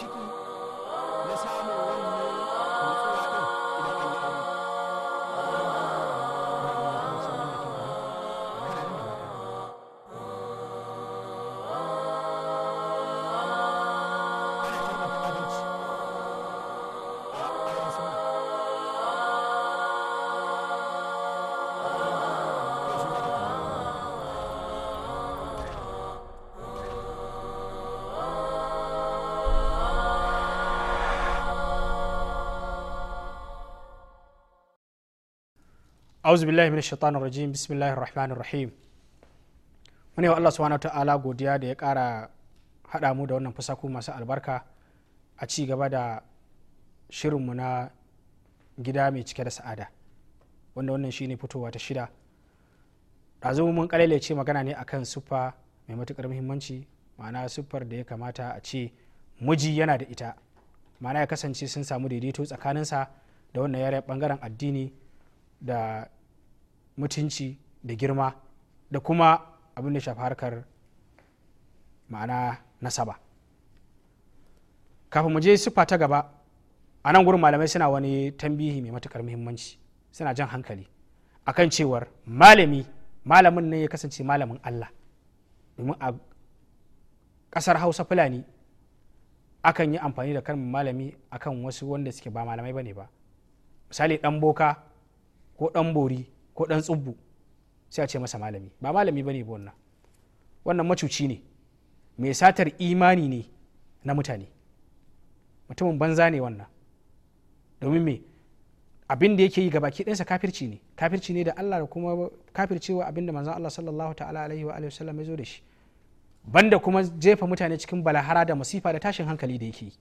마시고 auzu billahi min shaitan rajim bismillahi rahmanir rahim mune wa Allah subhanahu ta'ala godiya da ya kara hada mu da wannan fasaku masu albarka a ci gaba da shirinmu na gida mai cike da sa'ada wanda wannan shine fitowa ta shida ɗazu mun ce magana ne akan siffa mai matukar muhimmanci ma'ana siffar da ya kamata a ce miji yana da ita ma'ana ya kasance sun samu daidaito tsakaninsa da wannan yare bangaren addini da mutunci da girma da kuma abin da shafi harkar ma'ana nasaba kafin mu je siffa ta gaba a nan gurin malamai suna wani tambihi mai matukar muhimmanci suna jan hankali akan cewar malami malamin ne ya kasance malamin allah domin a ƙasar hausa fulani akan yi amfani da kalmar malami akan wasu wanda suke ba malamai ba ne ba misali ɗan boka ko ɗan bori ko dan tsubbu sai a ce masa malami ba malami bane ba wannan wannan macuci ne mai satar imani ne na mutane mutumin banza ne wannan domin me abin da yake yi ga baki ɗansa kafirci ne kafirci ne da Allah da kuma kafirci wa abin da manzon Allah sallallahu ta'ala alaihi wa alihi wasallam ya zo da shi banda kuma jefa mutane cikin balahara da masifa da tashin hankali da yake yi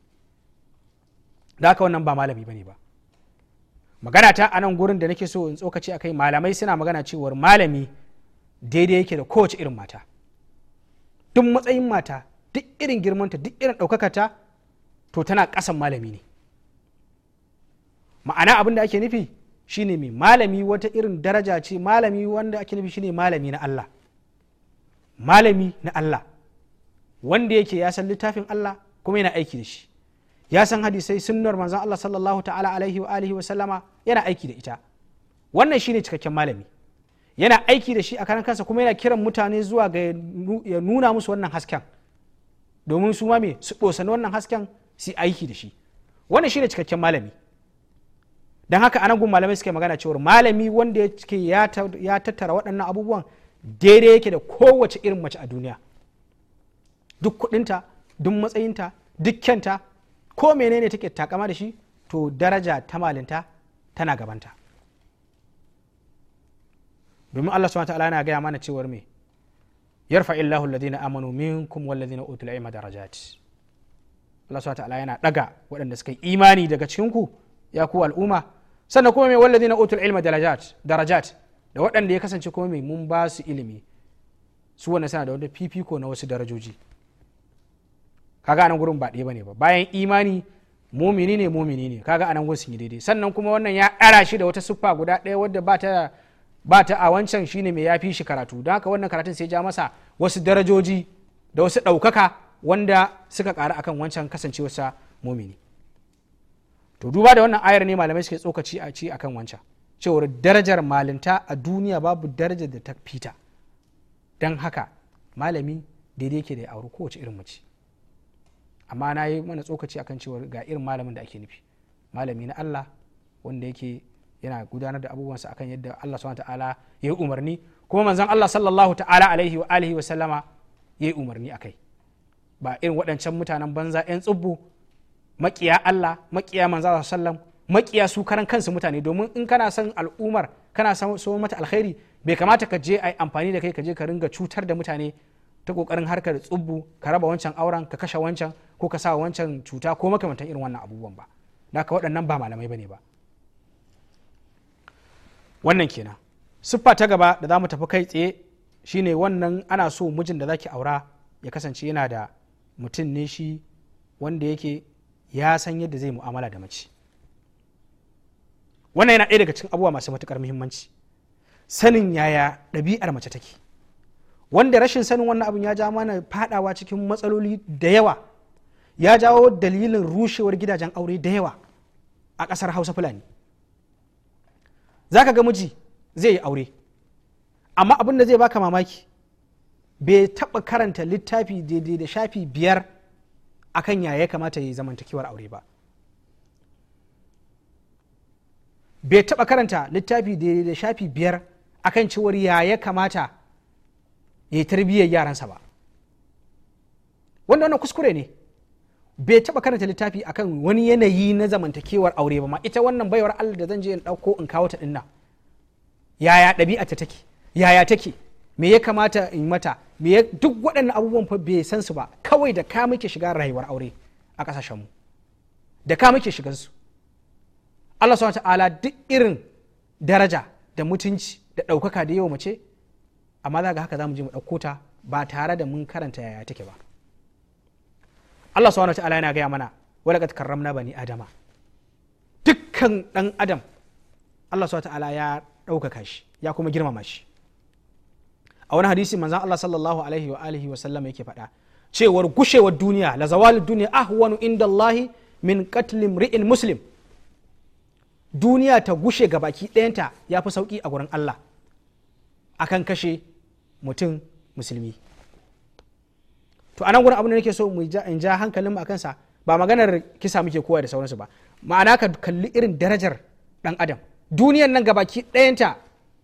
da haka wannan ba malami bane ba magana ta a nan gurin da nake so in tsokaci akai malamai suna magana cewar malami daidai yake da kowace irin mata duk matsayin mata duk irin girmanta duk irin ta to tana kasan malami ne ma'ana abin da ake nufi shine mai malami wata irin daraja ce malami wanda ake nufi shine malami na Allah malami na Allah wanda yake ya san littafin Allah kuma yana aiki da shi ya san hadisai sunnar manzon Allah sallallahu ta'ala alaihi wa alihi wa sallama yana aiki da ita wannan shine cikakken malami yana aiki da shi a karan kansa kuma yana kiran mutane zuwa ga ya nuna musu wannan hasken domin su ma me su ɗosani wannan hasken su aiki da shi wannan shine cikakken malami don haka anan gun malamai suke magana cewar malami wanda ya tattara waɗannan abubuwan daidai yake da kowace irin mace a duniya duk kuɗinta duk matsayinta duk kyanta ko menene take takama da shi to daraja ta malinta tana gabanta domin Allah subhanahu ta'ala yana gaya mana cewar me yarfa illahu alladhina amanu minkum walladhina utul ilma darajat Allah subhanahu ta'ala yana daga waɗanda suka yi imani daga cikin ku ya ku al'umma sannan kuma me walladhina utul ilma darajat darajat da waɗanda ya kasance kuma me mun ba su ilimi su wannan sana da wani fifiko na wasu darajoji kaga anan gurin ba ɗaya bane ba bayan imani mumini ne mumini ne kaga anan gurin sun yi daidai sannan kuma wannan ya ɗara shi da wata siffa guda ɗaya wadda ba ta ba a wancan shine mai yafi shi karatu don haka wannan karatun sai ja masa wasu darajoji da wasu ɗaukaka wanda suka ƙara akan wancan kasance kasancewarsa mumini to duba da wannan ayar ne malamai suke tsokaci a ci akan wancan cewar darajar malinta a duniya babu darajar da ta fita don haka malami daidai ke da ya auri kowace irin mace amma na yi mana tsokaci akan cewar ga irin malamin da ake nufi malami na Allah wanda yake yana gudanar da abubuwansa akan yadda Allah subhanahu ta'ala ya yi umarni kuma manzon Allah sallallahu ta'ala alaihi wa alihi wa sallama ya yi umarni akai ba irin waɗancan mutanen banza 'yan tsubbu makiya Allah makiya manzon sallam makiya su karan kansu mutane domin in kana son al'umar kana so mata alkhairi bai kamata ka je ai amfani da kai ka je ka ringa cutar da mutane ta kokarin harkar tsubbu ka raba wancan auren ka kashe wancan ko ka sa wancan cuta ko makamantan irin wannan abubuwan ba da ka waɗannan ba malamai ne ba wannan kenan siffa ta gaba da za mu tafi kai tsaye shine wannan ana so mijin da zaki aura ya kasance yana da mutum ne shi wanda yake ya san yadda zai mu'amala da mace wannan yana ɗaya daga cikin abubuwa masu matuƙar muhimmanci sanin yaya ɗabi'ar mace take wanda rashin sanin wannan abin ya ja mana fadawa cikin matsaloli da yawa ya jawo dalilin rushewar gidajen aure da yawa a ƙasar hausa fulani za ka ga miji zai yi aure amma abin da zai baka mamaki bai taɓa karanta littafi daidai da shafi biyar akan yaya ya kamata ya yi zamantakewar aure ba bai taɓa karanta littafi daidai da shafi biyar akan cewar ya ya kamata ya yi tarbiyyar yaransa ba wanda wannan kuskure ne bai taba karanta littafi akan wani yanayi na zamantakewar aure ba ma ita wannan baiwar Allah da zan je in dauko in kawo ta dinna yaya ta take yaya take me ya kamata in mata me duk waɗannan abubuwan fa bai san su ba kawai da ka muke shiga rayuwar aure a kasashen mu da ka muke shigan su Allah subhanahu ta'ala duk irin daraja da mutunci da ɗaukaka da yawa mace amma za ga haka zamu je mu dauko ta ba tare da mun karanta yaya take ba Allah subhanahu wataala yana gaya mana walaqad karramna bani adama dukkan dan adam Allah subhanahu ya ɗaukaka shi ya kuma girmama shi a wani hadisi manzon Allah sallallahu alaihi wa alihi wa yake faɗa cewar gushewar duniya la zawalud duniya ahwanu inda min qatlim ri'in muslim duniya ta gushe ga baki ɗayanta ya fi sauƙi a gurin Allah akan kashe mutum musulmi to anan gurin abin da nake so mu in ja hankalin mu akan sa ba maganar kisa muke kowa da sauransu ba ma'ana ka kalli irin darajar dan adam duniyar nan gabaki ɗayanta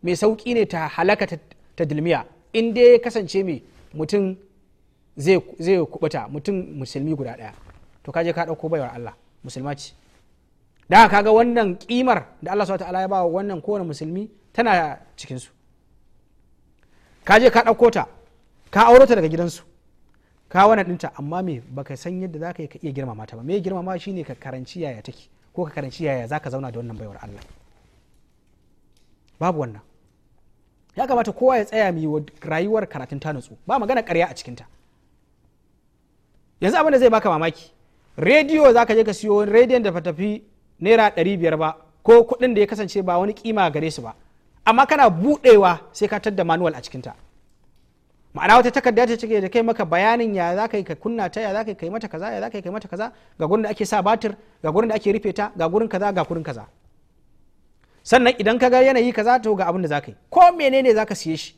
mai sauki ne ta halaka ta dilmiya in dai ya kasance mai mutum zai kubuta mutum musulmi guda ɗaya to kaje ka ɗauko baiwar Allah musulma ce da kaga wannan kimar da Allah subhanahu ta'ala ya ba wannan kowane musulmi tana cikinsu su kaje ka ɗauko ta ka auro ta daga gidansu ka wannan dinta amma me baka san yadda zaka ka iya girmama ta ba me girmama shine ka karanci yaya take ko ka karanci yaya zaka zauna da wannan baiwar Allah babu wannan ya kamata kowa ya tsaya mai rayuwar karatun ta nutsu ba magana karya a cikinta yanzu abinda zai baka mamaki rediyo za ka je ka siyo rediyon da tafi naira ɗari biyar ba ko kuɗin da ya kasance ba wani kima gare su ba amma kana buɗewa sai ka tadda manuwal a cikinta ma'ana wata takarda ta cike da kai maka bayanin ya za ka yi ka kunna ta ya za ka yi mata kaza ya za ka yi mata kaza ga gurin da ake sa batir ga gurin da ake rufe ta ga gurin kaza ga gurin kaza sannan idan ka ga yanayi kaza to ga abin da za ka yi ko menene za ka siye shi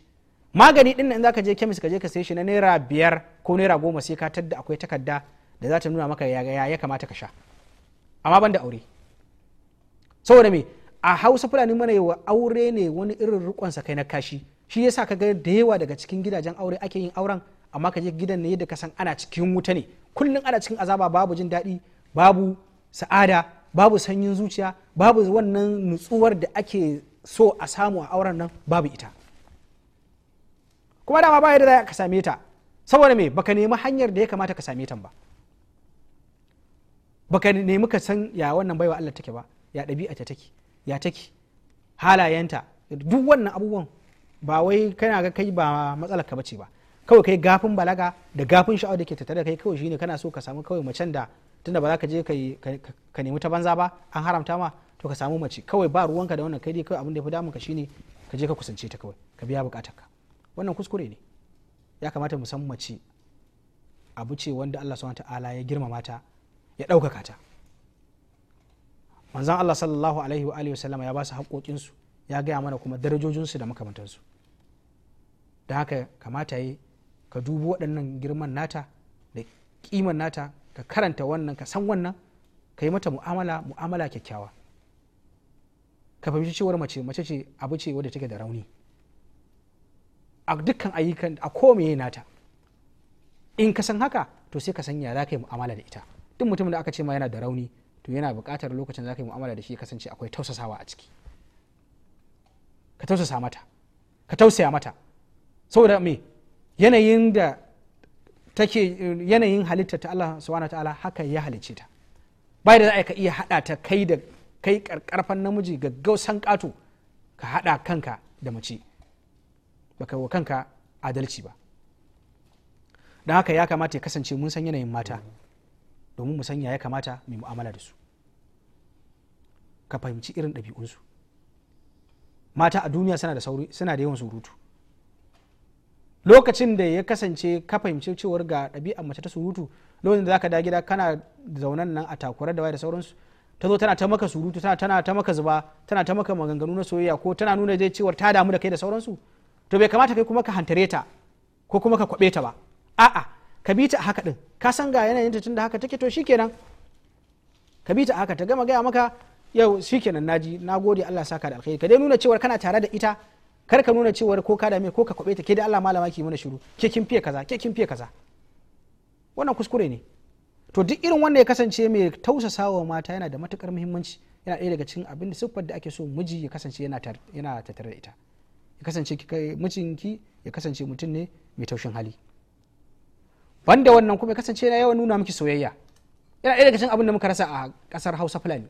magani din nan za ka je kemis ka je ka siye shi na naira biyar ko naira goma sai ka tadda akwai takarda da za ta nuna maka ya ya kamata ka sha amma ban da aure saboda me a hausa fulani mana yi wa aure ne wani irin sa kai na kashi shi yasa ka ga da yawa daga cikin gidajen aure ake yin auren amma ka je gidan ne yadda ka san ana cikin wuta ne kullum ana cikin azaba babu jin daɗi babu sa'ada babu sanyin zuciya babu wannan nutsuwar da ake so a samu a auren nan babu ita kuma dama bayar da ka same ta saboda me baka nemi hanyar da ya kamata ka same ta ba baka nemi ka san ya wannan baiwa Allah take ba ya ɗabi'a ta take ya take halayenta duk wannan abubuwan ba wai kana ga kai ba matsalar ka bace ba kawai kai gafin balaga da gafin sha'awa da ke tattare da kai kawai shine kana so ka samu kawai macen da tunda ba za ka je ka nemi ta banza ba an haramta ma to ka samu mace kawai ba ruwanka da wannan kai dai kawai abin da ya fi damun ka shine ka je ka kusance ta kawai ka biya ka wannan kuskure ne ya kamata mu san mace abu ce wanda Allah subhanahu ta'ala ya girmama ta ya ɗaukaka ta manzon Allah sallallahu alaihi wa alihi ya ba su haƙoƙinsu ya gaya mana kuma darajojinsu da makamantansu da haka kamata yi ka dubi waɗannan girman nata da ƙiman nata ka karanta wannan ka san wannan ka yi mata mu'amala mu'amala kyakkyawa ka fahimci cewar mace mace ce abu ce wadda take da rauni a dukkan ayyukan a ko nata in ka san haka to sai ka san ya zaka yi mu'amala da ita duk mutumin da aka ce ma yana da rauni to yana buƙatar lokacin zaka yi mu'amala da shi ya kasance akwai tausasawa a ciki ka tausasa mata ka tausaya mata saboda me yanayin da take yanayin halitta ta Allah subhanahu ta'ala haka ya halicce ta bai da za ka iya hada ta kai da kai karkarfan namiji gaggausan kato ka hada kanka da mace baka wa kanka adalci ba don haka ya kamata ya kasance mun san yanayin mata domin mu sanya ya kamata mai mu'amala da su ka fahimci irin ɗabi'unsu mata a duniya suna da yawan surutu lokacin da ya kasance ka fahimci cewar ga ɗabi'a mace ta surutu lokacin da zaka da gida kana zaunan nan a takura da waye da sauransu ta zo tana ta maka surutu tana tana ta maka zuba tana ta maka maganganu na soyayya ko tana nuna dai cewar ta damu da kai da sauransu to bai kamata kai kuma ka hantare ta ko kuma ka kwabe ta ba a'a ka bi ta haka din ka san ga yanayin ta tunda haka take to shikenan ka bi ta haka ta gama gaya maka yau shikenan naji nagode Allah saka da alkhairi ka dai nuna cewar kana tare da ita kar ka nuna cewar ko ka dame ko ka kwabe ta ke da Allah malama ki mana shiru ke kin fiye kaza ke kin fiye kaza wannan kuskure ne to duk irin wanda ya kasance mai tausasawa mata yana da matukar muhimmanci yana ɗaya daga cikin abin da siffar da ake so miji ya kasance yana tattare da ita ya kasance mijinki ya kasance mutum ne mai taushin hali banda wannan kuma ya kasance yana yawan nuna miki soyayya yana ɗaya daga cikin abin da muka rasa a ƙasar hausa fulani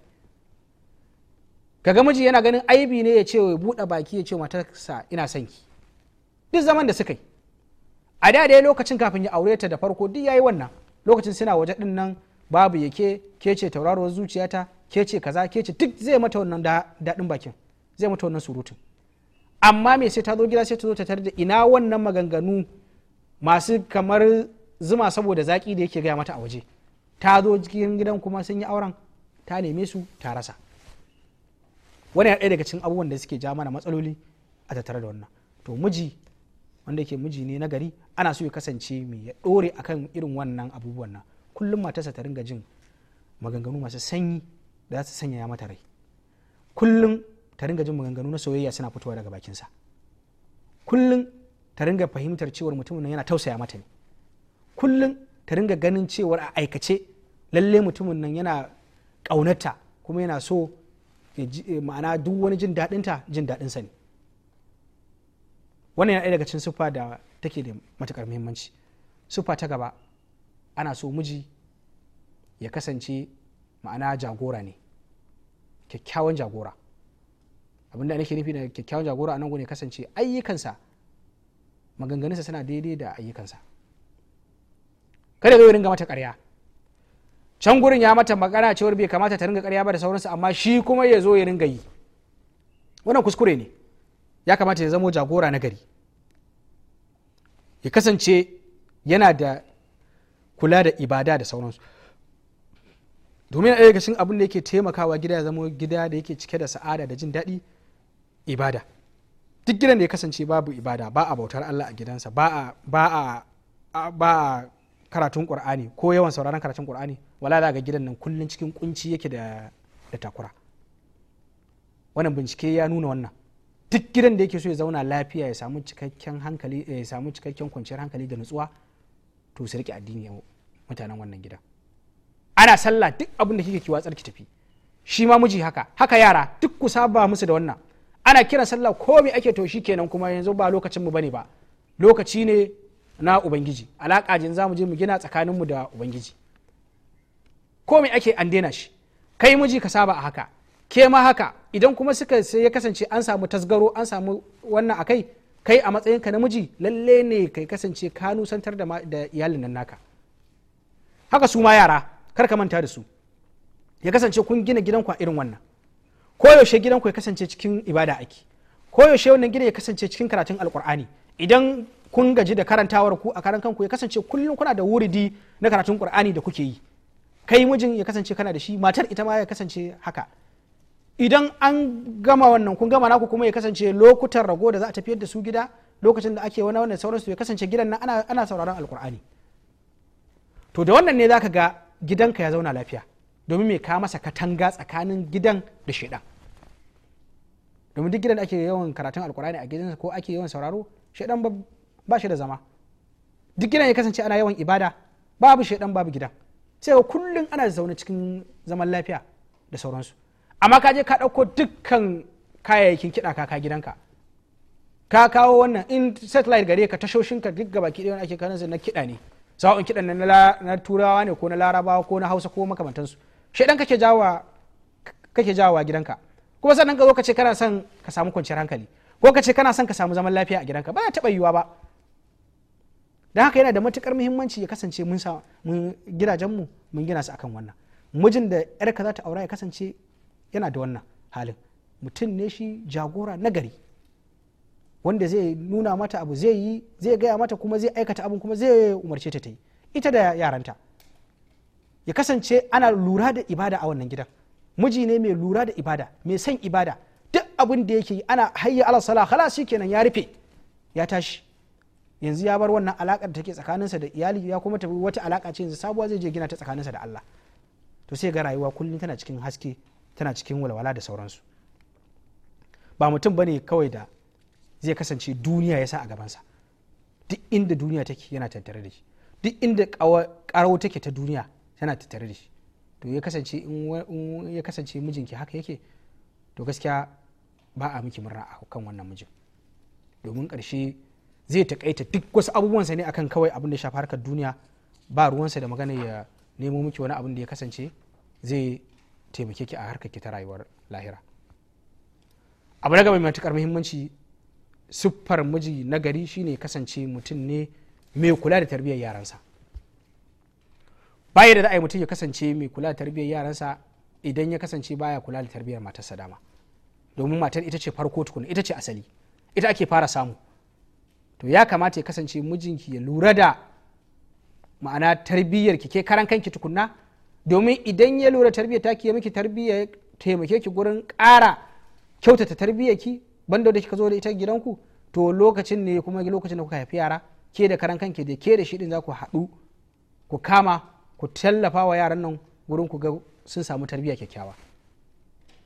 kaga miji yana ganin aibi ne ya ce ya buɗe baki ya ce matarsa ina son ki duk zaman da suka yi a da dai lokacin kafin ya aure ta da farko duk yayi wannan lokacin suna waje din nan babu yake ke ce tauraruwar zuciyata ke ce kaza ke ce duk zai mata wannan daɗin bakin zai mata wannan surutun amma me sai ta zo gida sai ta zo ta tar da ina wannan maganganu masu kamar zuma saboda zaƙi da yake gaya mata a waje ta zo cikin gidan kuma sun yi auren ta neme su ta rasa wani ya ɗaya daga cikin abubuwan da suke ja mana matsaloli a tattare da wannan to miji wanda yake miji ne na gari ana so ya kasance mai ya ɗore akan irin wannan abubuwan nan kullum matarsa ta ringa jin maganganu masu sanyi da za su sanya ya mata rai kullum ta ringa jin maganganu na soyayya suna fitowa daga bakinsa kullum ta ringa fahimtar cewar mutumin nan yana tausaya mata ne kullum ta ringa ganin cewar a aikace lalle mutumin nan yana ƙaunarta kuma yana so Eh, ma'ana duk wani jin daɗinta jin sa ne wannan yana ɗaya daga cikin siffa da take da matukar muhimmanci siffa ta gaba ana so miji ya kasance ma'ana jagora ne kyakkyawan jagora abinda nake nufi da kyakkyawan jagora a nan ya kasance ayyukansa maganganunsa suna daidai da ayyukansa kada zai ringa mata karya can gurin ya mata magana cewar bai kamata ta ringa karya ba da sauransu amma shi kuma ya zo ya ringa yi wannan kuskure ne ya kamata ya zamo jagora na gari ya kasance yana da kula da ibada da sauransu domin ɗaya abin da yake taimakawa gida ya zamo gida da yake cike da sa'ada da jin daɗi ibada duk gidan da ya kasance babu ibada ba a bautar allah a gidansa ba a karatun qur'ani ko yawan sauraron karatun qur'ani wala za ga gidan nan kullun cikin kunci yake da da takura wannan bincike ya nuna wannan duk gidan da yake so ya zauna lafiya ya samu cikakken hankali eh, ya samu cikakken kwanciyar hankali da nutsuwa to su rike addini mutanen wannan gidan ana sallah duk abin da kike kiwa tsarki tafi shi ma miji haka haka yara duk ku saba musu da wannan ana kiran sallah ko me ake to shi kenan kuma yanzu ba lokacin mu bane ba lokaci ne na ubangiji alaƙa jin za mu je mu gina tsakaninmu da ubangiji ko me ake an daina shi kai miji ka saba a haka ke ma haka idan kuma suka sai ya kasance an samu tasgaro an samu wannan akai kai a matsayin na namiji lalle ne kai kasance ka nusantar da iyalin nan naka haka su ma yara kar ka manta da su ya kasance kun gina gidanku a irin wannan ko yaushe gidanku ya kasance cikin ibada ake yaushe wannan gidan ya kasance cikin karatun alkur'ani idan kun gaji da karantawar ku a karan kanku ya kasance kullum kuna da wuridi na karatun qur'ani da kuke yi kai mijin ya kasance kana da shi matar ita ma ya kasance haka idan an gama wannan kun gama naku kuma ya kasance lokutan rago da za a tafiyar da su gida lokacin da ake wani wannan sauransu ya kasance gidan nan ana, ana sauraron alkur'ani to da wannan ne zaka ga gidanka ya zauna lafiya domin me ka masa katanga tsakanin gidan da shaidan domin duk gidan da ake yawan karatun alkur'ani a gidansa ko ake yawan sauraro shaidan ba shi da zama duk gidan ya kasance ana yawan ibada babu shaidan babu gidan sai ga kullum ana zaune cikin zaman lafiya da sauransu amma ka je ka ɗauko dukkan kayayyakin kiɗa kaka gidanka ka kawo wannan in satellite gare ka tashoshinka duk gaba ki ɗaya ake kanan na kiɗa ne sawa'un kiɗan na turawa ne ko na larabawa ko na hausa ko makamantansu shaidan kake jawa kake jawa gidanka kuma sannan ka zo ka ce kana son ka samu kwanciyar hankali ko ka ce kana son ka samu zaman lafiya a gidanka ba ya taɓa ba don haka yana da matukar muhimmanci ya kasance mun sa mun gidajenmu mun gina su akan wannan mijin da yarka za ta aura ya kasance yana da wannan halin mutum ne shi jagora nagari wanda zai nuna mata abu zai yi zai gaya mata kuma zai aikata abin kuma zai umarce ta ta yi ita da yaranta ya kasance ana lura da ibada a wannan gidan miji ne mai lura da ibada mai son ibada duk abin da yake yi ana hayya ala sala khalas kenan ya rufe ya tashi yanzu ya bar wannan alakar da take tsakaninsa da iyali ya kuma tafi wata alaka ce yanzu sabuwa zai je gina ta tsakaninsa da Allah to sai ga rayuwa kullum tana cikin haske tana cikin walwala da sauransu ba mutum bane kawai da zai kasance duniya yasa sa a gabansa duk inda duniya take yana tattare da shi duk inda karo take ta duniya tana tattare da shi to ya kasance in ya kasance mijinki haka yake to gaskiya ba a miki murna a kan wannan mijin domin ƙarshe zai takaita duk wasu abubuwansa ne akan kawai abin da shafi harkar duniya ba ruwansa da magana ya nemo miki wani abin da ya kasance zai taimake ki a harkar ki ta rayuwar lahira abu na gaba mai matukar muhimmanci siffar miji na gari shine kasance mutum ne mai kula da tarbiyyar yaransa Ba da za a yi mutum ya kasance mai kula da tarbiyyar yaransa idan ya kasance baya kula da tarbiyyar matarsa dama domin matar ita ce farko tukuna ita ce asali ita ake fara samu to ya kamata ya kasance mijinki ya lura da ma'ana tarbiyyar ki ke karan kanki tukunna domin idan ya lura tarbiyyar ta ki ya miki tarbiyyar taimake ki gurin ƙara kyautata tarbiyyar ki banda da kika zo da ita gidanku to lokacin ne kuma lokacin da kuka haifi yara ke da karan kanki da ke da shi din za ku haɗu ku kama ku tallafa wa yaran nan gurin ku ga sun samu tarbiyya kyakkyawa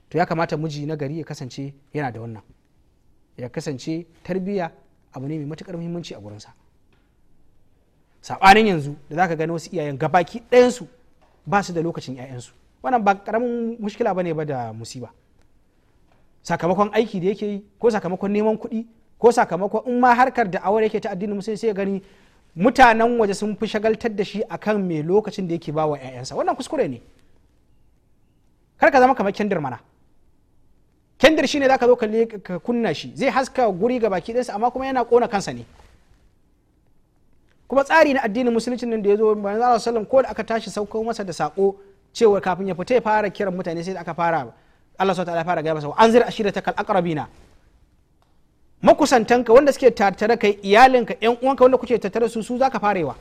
to ya kamata miji na gari ya kasance yana da wannan ya kasance tarbiyya abu ne mai matukar muhimmanci a gurinsa sabanin yanzu da zaka gani wasu iyayen gabaki ɗayansu ba su da lokacin ƴaƴansu wannan ba karamin mushkila bane ba da musiba sakamakon aiki da yake yi ko sakamakon neman kuɗi ko sakamakon in ma harkar da awar yake ta addinin musulmi sai gani mutanen waje sun fi shagaltar da shi akan mai lokacin da yake ba wa ƴaƴansa wannan kuskure ne kar ka zama kamar kendir mana kendir shine zaka zo ka kunna shi zai haska guri ga baki ɗinsa amma kuma yana kona kansa ne kuma tsari na addinin musulunci nan da ya zo manzo Allah sallam ko da aka tashi sauko masa da sako cewa kafin ya fita ya fara kiran mutane sai da aka fara Allah subhanahu ta'ala fara ga masa anzir ashiratakal aqrabina makusantanka wanda suke tattare kai iyalinka yan uwanka wanda kuke tattare su su zaka farewa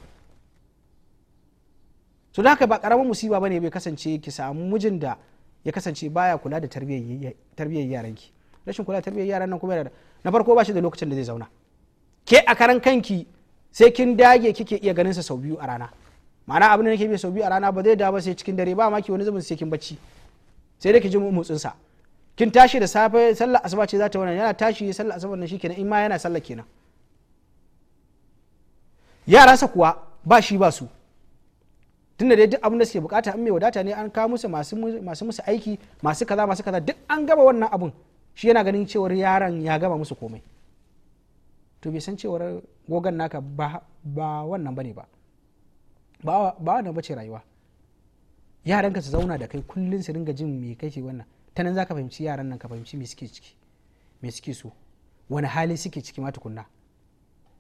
to haka ba karamin musiba bane bai kasance ki samu mijin da ya kasance baya kula da tarbiyyar ki rashin kula da tarbiyyar yaran nan kuma yana na farko ba shi da lokacin da zai zauna ke a karan kanki sai kin dage kike iya ganin sa sau biyu a rana ma'ana abin da nake bi sau biyu a rana ba zai da ba sai cikin dare ba ma ki wani zaman sai kin bacci sai dai ki ji motsin sa kin tashi da safe sallar asuba ce za ta wannan yana tashi sallar asuba nan shikenan in ma yana sallar kenan sa kuwa ba shi ba su tunda dai duk abin da suke bukata an mai wadata ne an kawo musu masu musu aiki masu kaza masu kaza duk an gaba wannan abun shi yana ganin cewar yaron ya gaba musu komai to bai san cewar gogan naka ba wannan bane ba ba wannan bace rayuwa Yaran ka su zauna da kai kullun su dinga jin me kake wannan ta nan zaka fahimci yaran nan ka fahimci me suke ciki me suke so wani hali suke ciki ma tukunna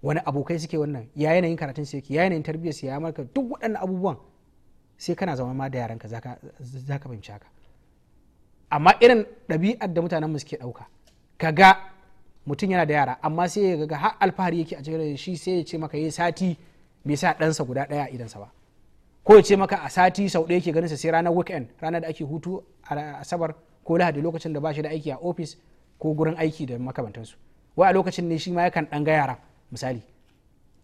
wani abokai suke wannan ya yanayin karatun su yake ya yanayin tarbiyyar su ya marka duk waɗannan abubuwan sai kana zama ma da yaranka za ka fahimci haka amma irin ɗabi'ar da mutanen mu suke ɗauka ka ga mutum yana da yara amma sai ya ga har alfahari yake a cikin shi sai ya ce maka yi sati bai sa ɗansa guda ɗaya a idansa ba ko ya ce maka a sati sau ɗaya ke ganin sa sai ranar weekend ranar da ake hutu a asabar ko lahadi lokacin da ba shi da aiki a ofis ko gurin aiki da makamantansu wai a lokacin ne shi ma yakan ɗan ga yara misali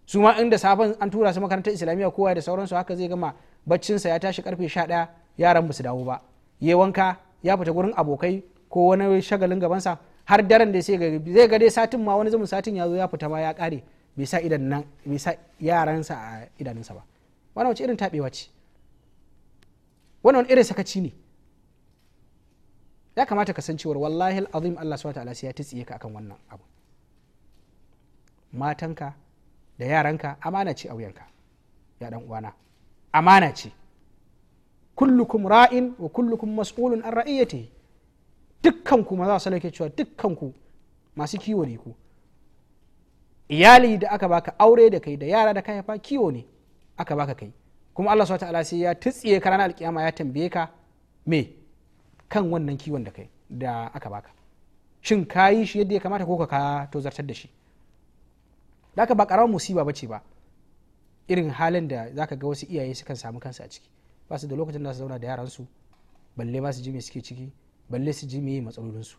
su ma inda safen an tura su makarantar islamiyya kowa da sauransu haka zai gama baccinsa ya tashi karfe sha 11 yaran su dawo ba ya wanka ya fita gurin abokai ko wani shagalin gabansa har daren da sai zai ga dai satin ma wani zaman satin ya zo ya fita ma ya kare bai sa idan nan bai sa yaransa a idanunsa ba wannan wace irin tabewa ce wannan wani irin sakaci ne ya kamata ka san cewar wallahi azim Allah subhanahu ta'ala sai ya tsiye ka akan wannan abu matanka da yaranka amana ce a wuyanka ya dan uwana amana ce kullukum ra'in wa kullukum mas'ulun an ra'iyatihi dukkan ku maza su lake cewa dukkan ku masu kiwo ne ku iyali da aka baka aure da kai da yara da kai fa kiwo ne aka baka kai kuma Allah subhanahu ta'ala sai ya tsiye ka ranar alkiyama ya tambaye ka me kan wannan kiwon da kai da aka baka shin ka yi shi yadda ya kamata ko ka tozartar da shi da aka ba karamar musiba bace ba irin halin da zaka ga wasu iyaye sukan samu kansu a ciki ba su da lokacin da su zauna da yaransu balle ba su ji me suke ciki balle su ji me su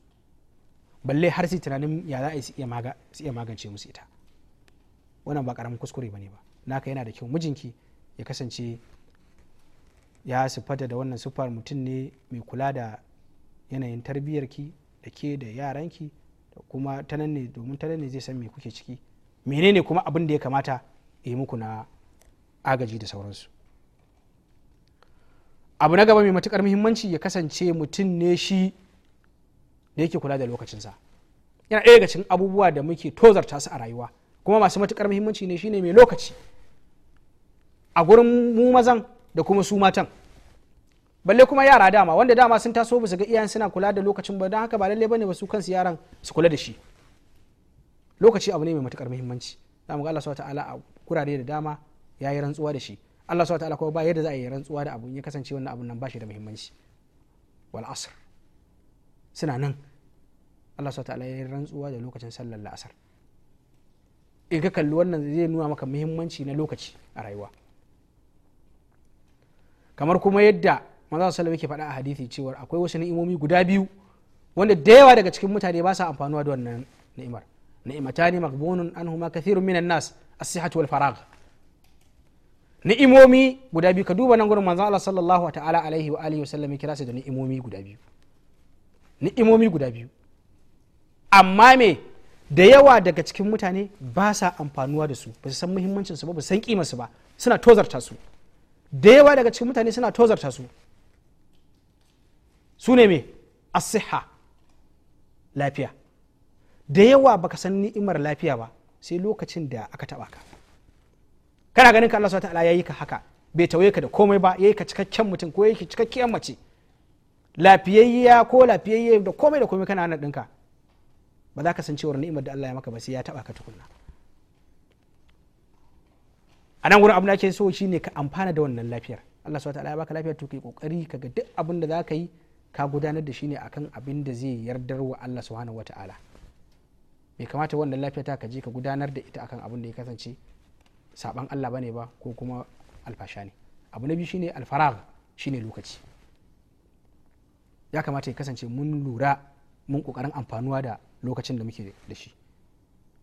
balle har su tunanin ya za a yi su iya magance musu ita wannan ba karamin kuskure ba ba naka yana da kyau mijinki ya kasance ya fada da wannan siffar mutum ne mai kula da yanayin tarbiyyarki da ke da yaranki da kuma ta nan ne domin ta nan ne zai san me kuke ciki menene kuma abin da ya kamata yi muku na agaji da sauransu abu na gaba mai matukar muhimmanci ya kasance mutum ne shi da yake kula da lokacinsa yana ɗaya daga cikin abubuwa da muke tozarta su a rayuwa kuma masu matukar muhimmanci ne shine mai lokaci a gurin mu mazan da kuma su matan balle kuma yara dama wanda dama sun taso ba su ga iyayen suna kula da lokacin ba don haka ba lalle bane ba su kansu yaran su kula da shi lokaci abu ne mai matukar muhimmanci za mu ga Allah subhanahu wa ta'ala a gurare da dama ya yi rantsuwa da shi Allah subhanahu ta'ala kuma ba yadda za a yi rantsuwa da abu ya kasance wannan abun nan ba shi da muhimmanci wal asr suna nan Allah subhanahu ta'ala ya yi rantsuwa da lokacin sallar la'asar in ka kalli wannan zai nuna maka muhimmanci na lokaci a rayuwa kamar kuma yadda manzo sallallahu yake faɗa a hadisi cewa akwai wasu ni'imomi guda biyu wanda da yawa daga cikin mutane ba sa amfanuwa da wannan ni'imar ni'imatani maghbunun anhuma kathirun minan nas as-sihhatu wal faragh ni'imomi guda biyu ka duba nan gurin manzon Allah sallallahu ta'ala alaihi wa alihi wasallam ya kira su da ni'imomi guda biyu ni'imomi guda biyu amma me da yawa daga cikin mutane ba sa amfanuwa da su ba su san muhimmancin su ba ba san kimar su ba suna tozarta su da yawa daga cikin mutane suna tozarta su su ne me asiha lafiya da yawa baka san ni'imar lafiya ba sai lokacin da aka taba ka kana ganin ka Allah subhanahu ta'ala yayi ka haka bai tawaye ka da komai ba yayi ka cikakken mutum ko yayi ka cikakkiyar mace lafiyayya ko lafiyayya da komai da komai kana nan dinka ba za ka san cewar ni'imar da Allah ya maka ba sai ya taba ka tukunna a nan gurin abin da ake so shine ka amfana da wannan lafiyar Allah subhanahu ta'ala ya baka lafiyar to kai kokari ga duk abin da za ka yi ka gudanar da shi ne akan abin da zai yardar wa Allah subhanahu ta'ala bai kamata wannan lafiyar ta ka je ka gudanar da ita akan abin da ya kasance saban Allah bane ba ko kuma alfasha ne abu na biyu shine alfarag shine lokaci ya kamata ya kasance mun lura mun kokarin amfanuwa da lokacin da muke da shi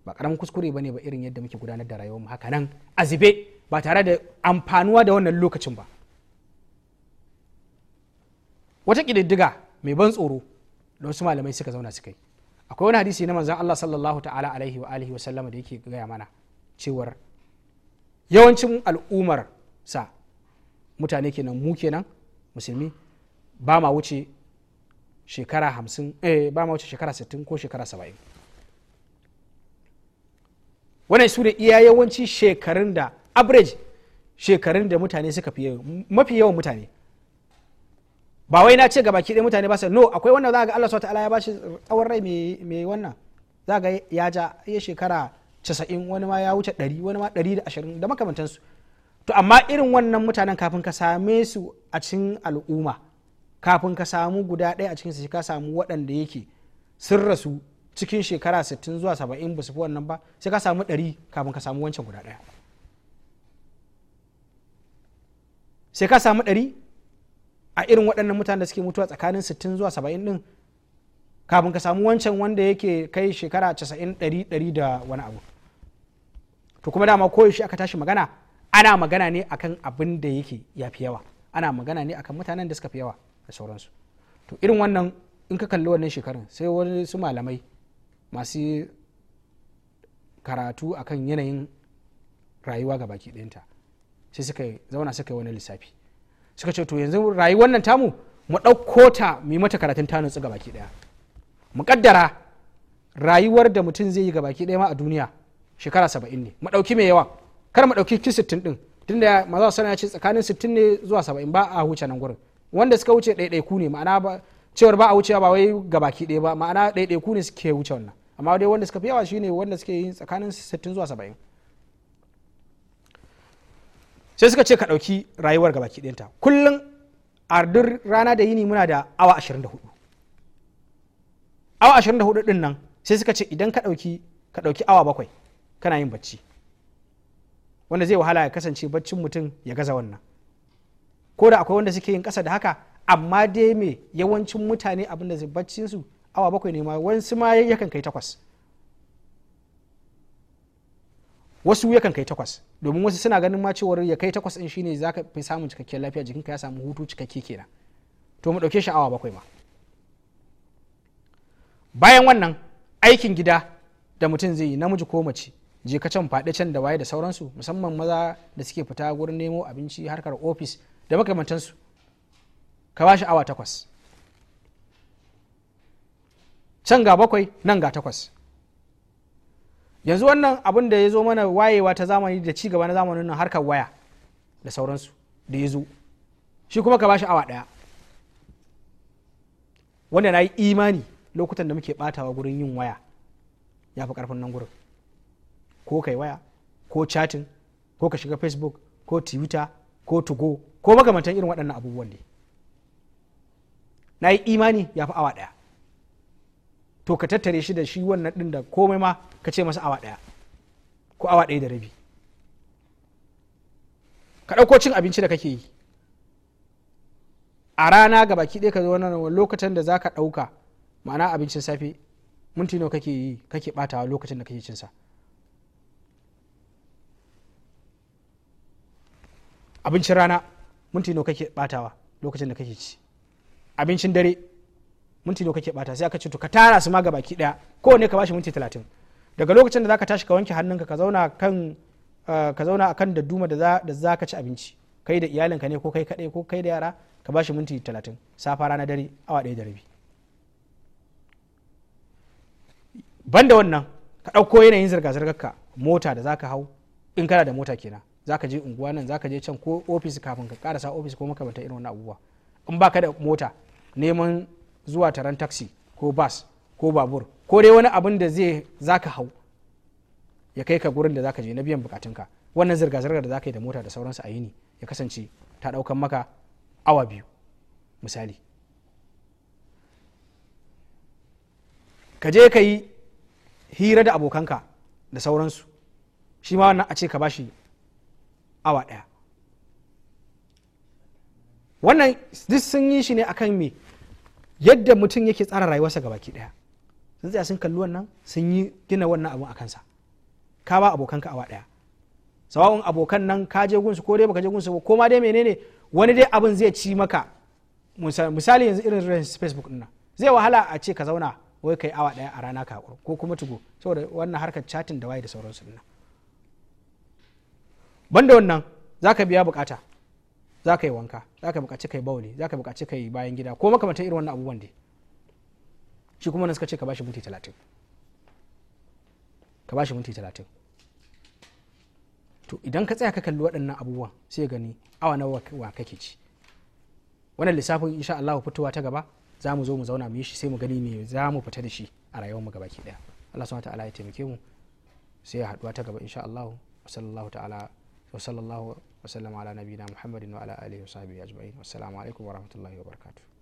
ba karamin kuskure bane ba irin yadda muke gudanar da rayuwarmu haka nan azibe ba tare da amfanuwa da wannan lokacin ba wata ƙididdiga mai ban tsoro da wasu malamai suka zauna suka yi akwai wani hadisi na manzon Allah sallallahu ta'ala alaihi wa alihi wa sallama da yake gaya mana cewar yawancin al'ummar sa mutane kenan mu kenan musulmi ba ma wuce shekara hamsin eh, ba ma wuce shekara sittin ko shekara saba'in wannan su da iya yawanci shekarun da average shekarun da mutane suka fi mafi yawan mutane ba wai na ce ga baki ɗaya mutane ba sai no akwai wanda za ga Allah subhanahu ta'ala ya bashi tsawon rai mai wannan za ga ya ja ya shekara casa'in wani ma ya wuce ɗari wani ma ɗari da ashirin da makamantansu to amma irin wannan mutanen kafin ka same su a cikin al'umma kafin ka samu guda ɗaya a cikin su ka samu waɗanda yake sun rasu cikin shekara 60 zuwa 70 ba su fi wannan ba sai ka samu ɗari kafin ka samu wancan guda ɗaya sai ka samu ɗari a irin waɗannan mutanen da suke mutuwa tsakanin 60 zuwa 70 ɗin kafin ka samu wancan wanda yake kai shekara 90 ɗari da wani abu to kuma dama shi aka tashi magana ana magana ne akan abin da yake ya fi yawa ana magana ne akan mutanen da suka fi yawa da sauransu to irin wannan in ka kalli wannan shekarun sai wani su malamai masu karatu akan yanayin rayuwa ga baki ɗinta sai suka zauna suka yi wani lissafi suka ce to yanzu rayuwar nan tamu mu ɗauko ta mu mata karatun ta nutsu ga baki ɗaya mu kaddara rayuwar da mutum zai yi ga baki ɗaya ma a duniya shekara saba'in ne madauki mai yawa kar mu ɗauki ki sittin ɗin tunda maza sana ya ce tsakanin sittin ne zuwa saba'in ba a wuce nan gurin wanda suka wuce ku ne ma'ana ba cewar ba a wucewa ba wai gabaki ɗaya ba ma'ana ku ne suke wuce wannan amma dai wanda suka fi yawa shine wanda suke yin tsakanin sittin zuwa saba'in sai suka ce ka ɗauki rayuwar gabaki ɗinta kullum a duk rana da yini muna da awa ashirin da hudu awa ashirin da hudu ɗin nan sai suka ce idan ka ka ɗauki awa bakwai kana yin bacci wanda zai wahala ya kasance baccin mutum ya gaza wannan ko da akwai wanda suke yin ƙasa da haka amma dai me yawancin mutane abin da baccin su awa bakwai ne ma wasu ma yakan kai takwas wasu yakan kai takwas domin wasu suna ganin ma cewar ya kai takwas in shine zaka fi samun cikakken lafiya jikinka ya samu hutu cikakke kenan to mu ɗauke shi awa bakwai ma bayan wannan aikin gida da mutum zai yi namiji ko mace je ka can faɗi can da waye da sauransu musamman maza da suke fita gurin nemo abinci harkar ofis da makamantansu ka ba shi awa takwas can ga bakwai nan ga takwas yanzu wannan abin da ya zo mana wayewa ta zamani da ci gaba na zamanin nan harkar waya da sauransu da ya zo shi kuma ka ba shi awa ɗaya wanda na yi imani lokutan da muke ɓatawa gurin yin waya ya fi ƙarfin nan gurin ko kai waya ko chatting ko ka shiga facebook ko twitter ko tugo ko makamantan irin waɗannan abubuwan ne na yi imani ya fi awa ɗaya to ka tattare shi da shi wannan ɗin da komai ma ka ce masa awa ɗaya ko awa ɗaya da rabi ka ɗauko cin abinci da kake yi a rana ga baki ɗaya ka zo wannan lokacin da za ka ɗauka ma'ana abincin safe minti nawa kake yi kake ɓatawa lokacin da kake cinsa abincin rana minti nawa kake batawa lokacin da kake ci abincin dare minti nawa kake bata sai aka ce to ka tara su ma ga baki daya ko ne ka bashi minti talatin daga lokacin da zaka tashi ka wanke hannunka ka zauna kan eh, ka zauna akan da duma da za ka ci abinci kai da iyalinka ne ko kai kadai ko kai da yara ka bashi minti talatin safa rana dare awa daya da rabi banda wannan ka ɗauko yanayin zirga-zirgar ka mota da zaka hau in kana da mota kenan Za ka je unguwa nan za ka je can ko ofis kafin ka karasa ofis ko makamantar irin wani abubuwa in baka da mota neman zuwa taron taxi ko bus ko babur ko dai wani abin da zai za ka hau ya kai ka gurin da za ka je na biyan bukatunka wannan zirga zirgar da za ka yi da mota da sauransu a yini ya kasance ta ɗaukan maka awa biyu misali ka je ka yi hira da abokanka da sauransu shi ma wannan a ce ka bashi awa ɗaya wannan duk sun yi shi ne akan me yadda mutum yake tsara rayuwarsa gabaki ɗaya sun tsaya sun kalli wannan sun yi gina wannan abun a kansa ka ba abokanka awa ɗaya sawa'un abokan nan ka je gunsu ko dai baka je gunsu ba ko ma dai menene wani dai abin zai ci maka misali yanzu irin facebook ɗin zai wahala a ce ka zauna wai kai awa ɗaya a rana ka ko kuma tugu saboda wannan harkar chatin da waye da sauransu nan banda wannan za ka biya bukata za ka yi wanka za ka bukaci kai bauli za ka bukaci kai bayan gida ko makamantan irin wannan abubuwan dai shi kuma nan suka ce ka bashi minti talatin ka bashi minti talatin to idan ka tsaya ka kalli waɗannan abubuwan sai gani awa nawa wa kake ci wannan lissafin insha Allah fitowa ta gaba za mu zo mu zauna mu yi shi sai mu gani ne za mu fita da shi a rayuwar mu ke daya Allah subhanahu wa ta'ala ya taimake mu sai haɗuwa ta gaba insha Allah sallallahu ta'ala وصلى الله وسلم على نبينا محمد وعلى آله وصحبه أجمعين والسلام عليكم ورحمة الله وبركاته